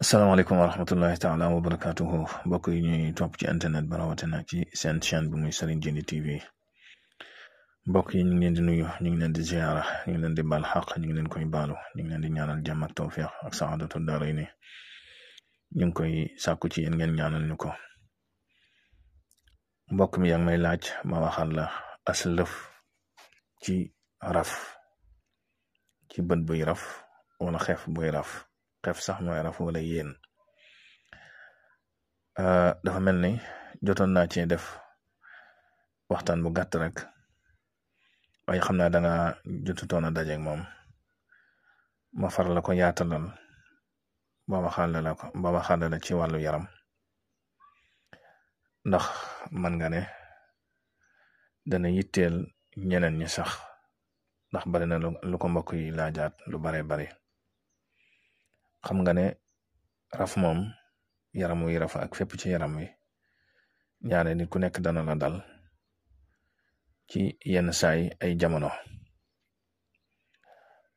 asalaamaaleykum wa rahmatullahi taala wa barakaatuhu mbokk yi ñuy topp ci internet ba rawatina ci seen chaîne bi muy Serigne Djily TV mbokk yi ñu ngi leen di nuyu ñu ngi leen di ziara ñu leen di baal xaq ñu ngi leen koy baalu ñu ngi leen di ñaanal jàmm ak tawféex ak saadatu daaray ni ñu ngi koy sàkku ci yéen ngeen ñaanal ñu ko mbokk mi yaa ngi may laaj ma waxal la aslëf ci raf ci bët buy raf wala xef buy raf xef sax mooy rafu la yéen euh, dafa mel ni jotoon naa ci def waxtaan bu gàtt rek waaye xam naa danga jotutoon a dajeeg moom ma far la ko yaatalal ba ma la ko ba ci wàllu yaram ndax man nga ne dana yitteel ñeneen ñi sax ndax bari na lu ko mbokk yi laajaat lu bare bari xam nga ne raf moom yaram wi rafa ak fépp ci yaram wi ñaare nit ku nekk dana la dal ci yenn saay ay jamono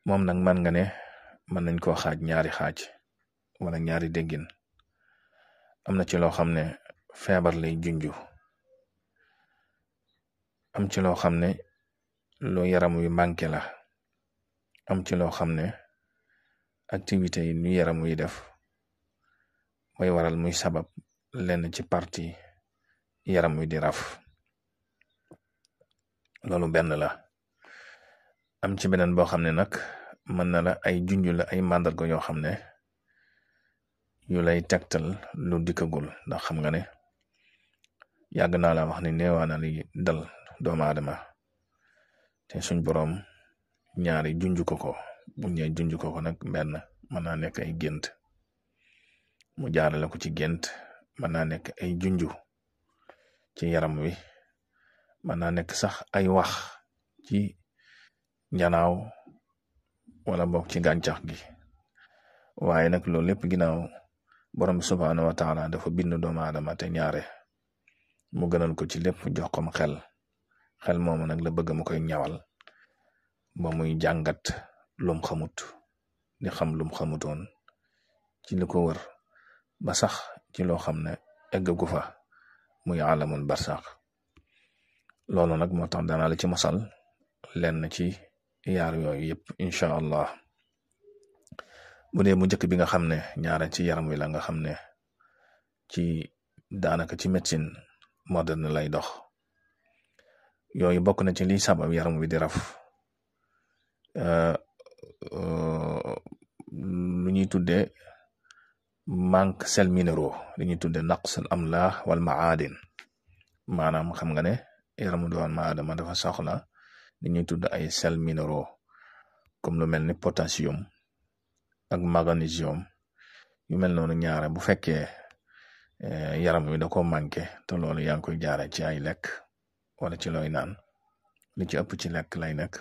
moom nag man nga ne mën nañ koo xaaj ñaari xaaj wala ñaari déggin am na ci loo xam ne feebar lay junju am ci loo xam ne lu yaram wi manqué la am ci loo xam ne activité yi nu yaram wi def mooy waral muy sabab lenn ci parti yaram wi di raf loolu benn la am ci beneen boo xam ne nag mën na la ay junju la ay màndarga yoo xam ne yu lay tegtal lu dikkagul ndax xam nga ne yàgg naa la wax ni neewaa na li dal doomu aadama te suñ boroom ñaari junju ko ko mu ñëwee junj ko ko nag benn mën naa nekk ay gént mu jaarale ko ci gént mën naa nekk ay junju ci yaram wi mën naa nekk sax ay wax ci njanaaw wala boog ci gàncax gi waaye nag loolu lépp ginnaaw borom bi subhaanahu wa taala dafa bind doomu aadama te ñaare mu gënal ko ci lépp jox ko xel xel moomu nag la bëgg mu koy ñawal ba muy jàngat lum xamut di xam lum xamutoon ci li ko wër ba sax ci loo xam ne egg gu fa muy alamul barsax loolu nag moo tax danaa la ci masal lenn ci yaar yooyu yëpp incha allah bu dee mu njëkk bi nga xam ne ñaare ci yaram la nga xam ne ci daanaka ci médecine moderne lay dox yooyu bokk na ci liy sabab yaram wi di raf Euh, lu ñuy tuddee manque sel minéraux li ñuy tuddee naqsul amlah wal maadin maanaam xam nga ne yaramu doomu aadama dafa soxla li ñuy tudd ay sel minéraux comme lu mel ni potassium ak magnésium yu mel noonu ñaare bu fekkee eh, yaram wi da ko manqué te loolu yaa ngi koy jaare ci ay lekk wala ci looy naan li ci ëpp ci lekk lay nekk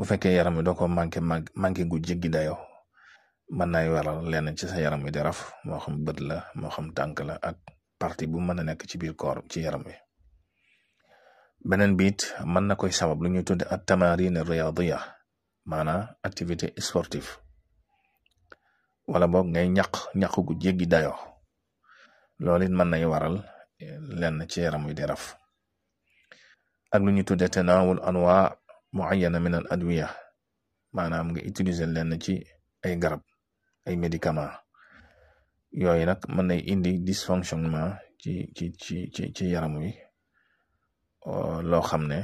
bu fekke yaram wi doo ko manqué manqué gu jéggi dayo mën nay waral lenn ci sa yaram wi di raf moo xam bët la moo xam tànk la ak partie bu mën a nekk ci biir koor ci yaram wi beneen biit mën na koy sabab lu ñuy tudde at tamarin riyadiya maanaam activité sportive wala boog ngay ñaq ñaq gu jéggi dayo loolu it mën nay waral lenn ci yaram wi di ak lu ñuy tudde tanawul anwa muayyana min al adwiya maanaam nga utiliser leen ci ay garab ay médicament yooyu nag mën nay indi dysfonctionnement ci ci ci ci ci yaram wi loo xam ne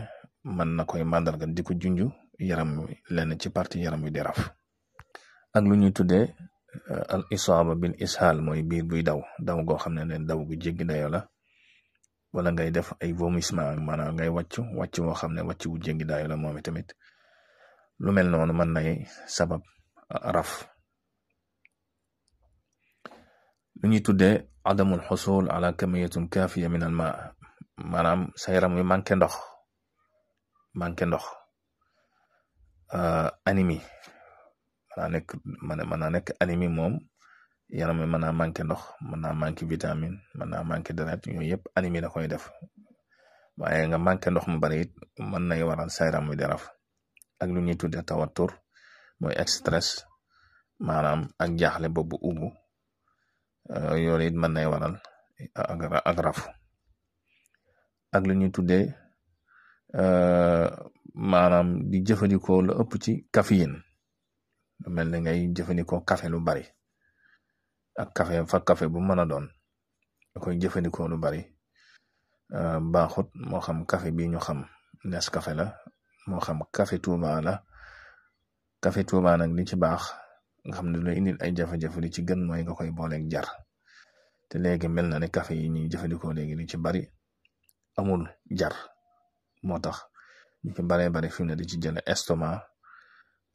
mën na koy màndarga di ko junju yaram wi lenn ci partie yaram wi di ak lu ñuy tuddee euh, al isaaba bil ishaal mooy biir buy daw daw goo xam ne leen daw gu jéggi la wala ngay def ay vomissement maanaam ngay wàcc wàcc woo xam ne wàcc wu jéggi daayu la moom tamit lu mel noonu mën nay sabab raf lu ñuy tuddee adamul xusul ala kamiyatin kaafiya min al ma maanaam sa yaram wi manqué ndox manqué ndox animi maanaam nekk man maanaam nekk animi moom yaram mi mën naa manqué ndox mën naa manqué vitamine mën naa manqué deret yooyu yëpp anémie da koy def waaye nga manqué ndox mu bari it mën nay waral sa yaram raf ak lu ñuy tuddee tawatur mooy stress maanaam ak jaaxle boobu ubu euh, yooyu it mën nay waral ak ak raf ak lu ñuy tuddee euh, maanaam di jëfandikoo lu ëpp ci caféine lu mel ne ngay jëfandikoo café lu bari ak kafe fa kafe bu mën a doon da koy jëfandikoo lu bari euh, baaxut moo xam kafe bi ñu xam nes kafe la moo xam kafe Touba la kafe Touba nag li ci baax nga xam ne lay indil ay jafe-jafe ci gën mooy nga koy booleeg jar te léegi mel na ne kafe yi ñuy jëfandikoo léegi li ci bari amul jar moo tax ñu ci baree bari fi ne di ci jële estomac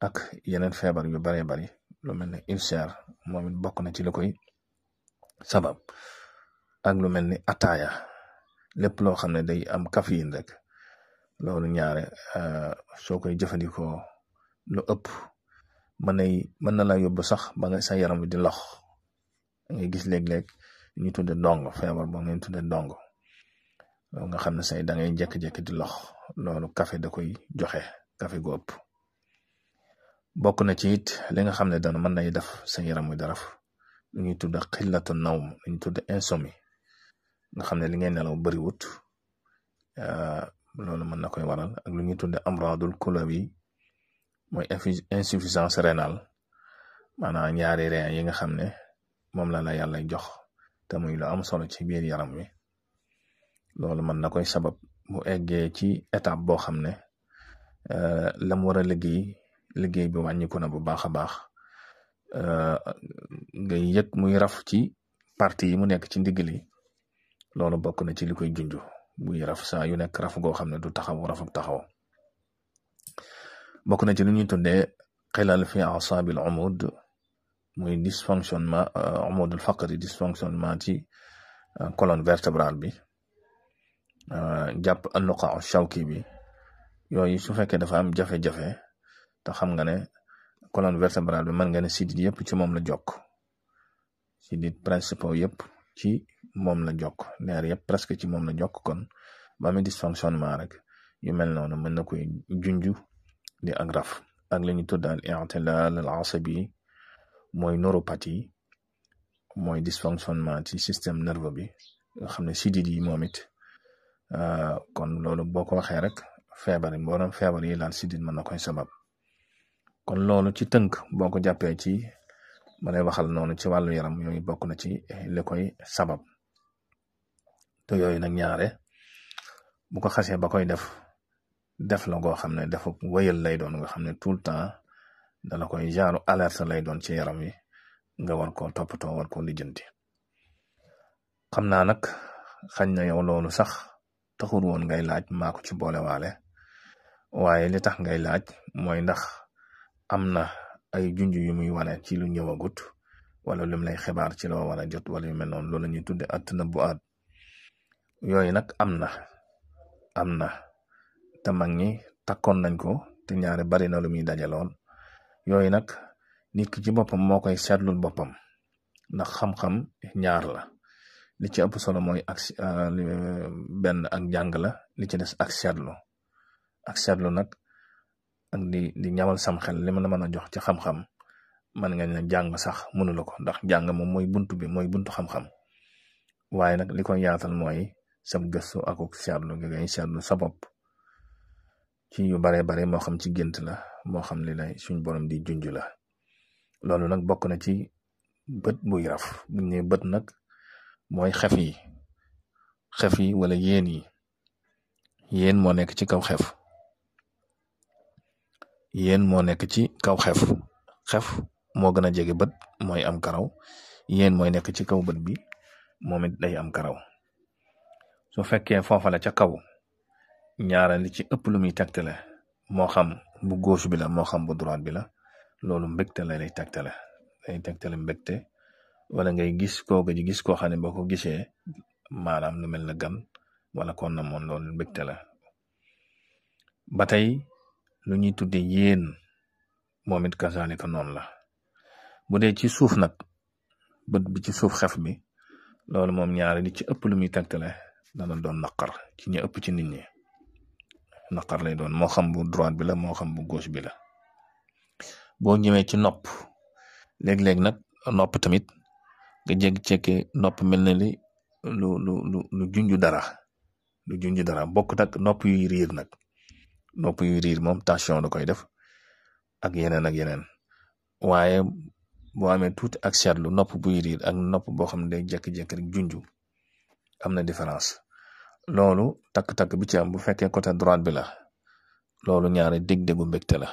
ak yeneen feebar yu baree bari lu mel ne INSER moom it bokk na ci la koy sabab ak lu mel ni ataaya lépp loo xam ne day am caféine rek loolu ñaare euh, soo koy jëfandikoo lu ëpp man mën na laa yóbbu sax ba nga sa yaram wi di lox nga gis léeg-léeg ñu tudde dong feebar boo ngeen tudde dong nga xam ne say da ngay jékki di lox loolu café da koy joxe café gu ëpp bokk na ci it li nga xam ne dana mën nay def sa yaram muy daraf lu ñuy tudd xillatu nawm lu ñuy tudd insomnie nga xam ne li ngay nelaw bariwut euh, loolu mën na koy waral ak lu ñuy tudd amradul kulawi mooy insuffisance rénale maanaam ñaari rein yi nga xam ne moom la la yàlla jox te muy lu am solo ci biir yaram wi loolu mën na koy sabab mu eggee ci étape boo xam ne euh, lam war a liggéey liggéey bi wàññiku na bu baax a baax nga yëg muy raf ci parti yi mu nekk ci ndigg li loolu bokk na ci li koy junj muy raf saa yu nekk raf goo xam ne du taxaw rafuk taxaw bokk na ci lu ñuy tuddee xilal fi asabil umud muy dysfonctionnement euh, umudul faqri dysfonctionnement ci euh, colonne vertébrale bi jàpp alluqaa shawki bi yooyu su fekkee dafa am jafe-jafe te xam nga ne colonne vertébrale bi mën nga ne sidit yëpp ci moom la jokk sidit principaux yëpp ci moom la jokk neer yëpp presque ci moom la jokk kon ba muy dysfonctionnement rek yu mel noonu mën na koy junju di ak raf ak la ñu tudd al i'tilal al asabi mooy neuropathie mooy dysfonctionnement ci système nerveux bi nga xam ne sidit yi moom it euh, kon loolu boo ko waxee rek feebar yi feebar yi laal sidit mën na koy sabab kon loolu ci tënk boo ko jàppee ci ma lay waxal noonu ci wàllu yaram yooyu bokk na ci li koy sabab te yooyu nag ñaare bu ko xasee ba koy def def la goo xam ne dafa wéyal lay doon nga xam ne tout le temps dala koy jaaru alerte lay doon ci yaram wi nga war koo toppatoo war koo lijjanti xam naa nag xañ na yow loolu sax taxul woon ngay laaj maa ko ci boolewaale waaye li tax ngay laaj mooy ndax am na ay junj yu muy wane ci lu ñëwagut wala lim lay xebaar ci loo war a jot wala yu mel noonu loolu la ñuy tudde at na bu aat yooyu nag am na am na te mag ñi takkoon nañ ko te ñaari bari na lu muy dajaloon yooyu nag nit ki ci boppam moo koy seetlul boppam ndax xam-xam ñaar la li ci ëpp solo mooy ak euh, benn ak jàng la li ci des ak seetlu ak nag ak di di ñamal sam xel li ma la mën a jox ci xam-xam man nga ne jàng sax mënu la ko ndax jàng moom mooy buntu bi mooy buntu xam-xam waaye nag li ko yaatal mooy sam gëstu ak seetlu gi ngay seetlu sa bopp ci yu baree bare moo xam ci gént la moo xam li lay suñ borom di junju la loolu nag bokk na ci bët buy raf ne bët nag mooy xef yi xef yi wala yéen yi yéen moo nekk ci kaw xef yéen moo nekk ci kaw xef xef moo gën a jege bët mooy am karaw yéen mooy nekk ci kaw bët bi moom it day am karaw su fekkee foofa la ca kaw ñaara li ci ëpp lu muy tegtale moo xam bu gauche bi la moo xam bu droite bi la loolu mbégte la lay tegtale day tegtale mbégte wala ngay gis ko gis koo xam ne boo ko gisee maanaam lu mel na gan wala kon na moon loolu mbégte la ba tey lu ñuy tuddee yéen moom it kazalika noonu la bu dee ci suuf nag bët bi ci suuf xef bi loolu moom ñaari li ci ëpp lu muy tegtale dana doon naqar ci ñu ëpp ci nit ñi naqar lay doon moo xam bu droite bi la moo xam bu gauche bi la boo ñëwee ci nopp léeg-léeg nag nopp tamit nga jéggi-cekke nopp mel na li lu lu lu lu dara lu junj dara bokk nag nopp yuy riir nag nopp yu riir moom tension da koy def ak yeneen ak yeneen waaye boo amee tuuti ak seetlu nopp buy ak nopp boo xam ne day jékki-jékki rek junju am na différence loolu takk-takk bi ci am bu fekkee côté droite bi la loolu ñaare dég-dégu mbégte la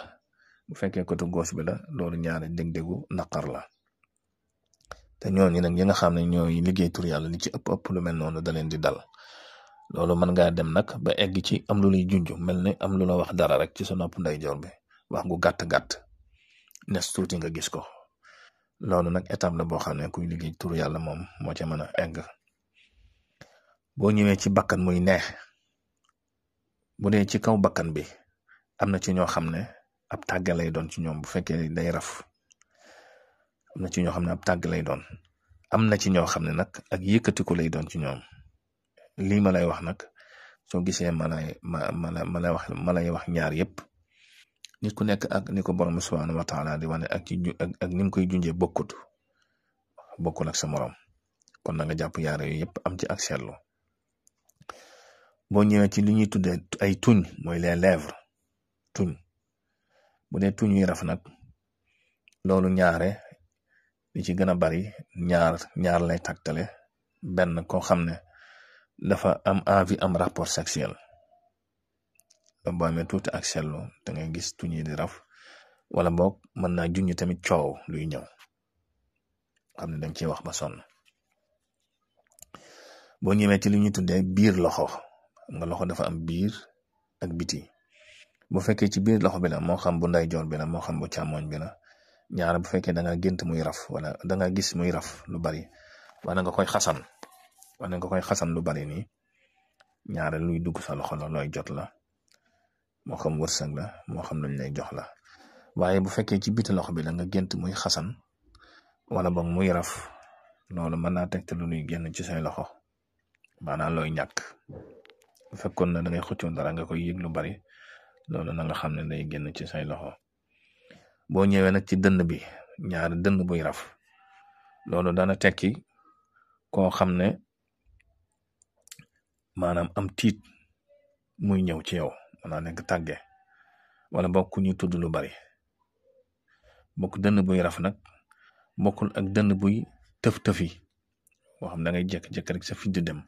bu fekkee côté gauche bi la loolu ñaare dég-dégu naqar la te ñooñu nag ñi nga xam ne ñooy liggéey tur yàlla li ci ëpp ëpp lu mel noonu da leen di dal loolu mën ngaa dem nag ba egg ci am lu lay junj mel ne am lu la wax dara rek ci sa nopp ndeyjoor bi wax gu gàtt gàtt nes tuuti nga gis ko loolu nag étape la boo xam ne kuy liggéey tur yàlla moom moo ca mën a egg boo ñëwee ci bakkan muy neex bu dee ci kaw bakkan bi am na ci ñoo xam ne ab tàgg lay doon ci ñoom bu fekkee day raf am na ci ñoo xam ne ab tàgg lay doon am na ci ñoo xam ne nag ak yëkkatiku lay doon ci ñoom. lii ma lay wax nag soo gisee ma lay ma ma ma lay wax ma lay wax ñaar yépp nit ku nekk ak ni ko borom subhaanahu wa taala di wane ak ci ak ak ni koy junjee bokkut bokkul ak sa moroom kon na nga jàpp yaar yooyu yépp am ci ak seetlu boo ñëwee ci li ñuy tuddee ay tuñ mooy les lèvres tuñ bu dee tuñ yi raf nag loolu ñaare li ci gën a bari ñaar ñaar lay taktale benn koo xam ne dafa am envie am rapport sexuel da boo amee tuuti ak seetlu da ngay gis tuñ yi di raf wala boog mën naa junj tamit coow luy ñëw xam ne dañ ciy wax ba sonn boo ñëwee ci li ñuy tuddee biir loxo nga loxo dafa am biir ak biti bu fekkee ci biir loxo bi la moo xam bu ndeyjoor bi la moo xam bu càmmoñ bi la ñaar bu fekkee danga nga gént muy raf wala da gis muy raf lu bari wala nga koy xasan wala nga koy xasan lu bari nii ñaare luy dugg sa loxo la looy jot la moo xam wërsëg la moo xam luñ lay jox la waaye bu fekkee ci biti loxo bi na nga gént muy xasan wala boog muy raf loolu mën naa tegte lu luy génn ci say loxo maanaam looy ñàkk bu fekkoon na da ngay dara nga koy yëg lu bari loolu na xam ne day génn ci say loxo boo ñëwee nag ci dënn bi ñaari dënn buy raf loolu dana tekki koo xam ne maanaam am tiit muy ñëw ci yow maanaam nekk tàgge wala bokk ñu tudd lu bari bokk dënn buy raf nag bokkul ak dënn buy tëf-tëfi boo xam da ngay jékki rek sa fi di dem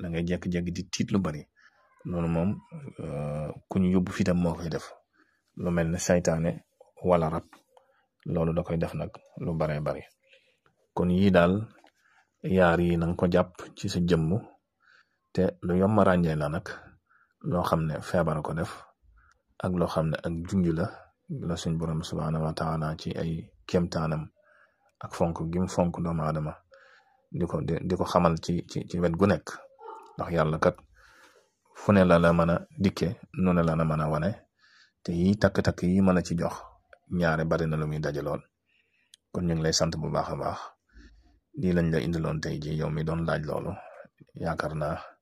da ngay jékki di tiit lu bari loolu moom euh, ku ñu yóbbu fi tam moo koy def lu mel ne saytaane wala rab loolu da koy def nag lu baree bari kon yii daal yaar yi na ko jàpp ci sa jëmm te lu yomb ràññee la nag loo xam ne feebar ko def ak loo xam ne ak junj la la suñ borom subhaanahu wa taala ci ay kéemtaanam ak fonk gim fonk doomu aadama di ko di ko xamal ci ci ci wet gu nekk ndax yàlla kat fu ne la la mën a dikke nu ne mën a wane te yi takk-takk yi mën a ci jox ñaare bari na lu muy daje lool kon ñu ngi lay sant bu baax a baax lii lañ la indiloon tey ji yow mi doon laaj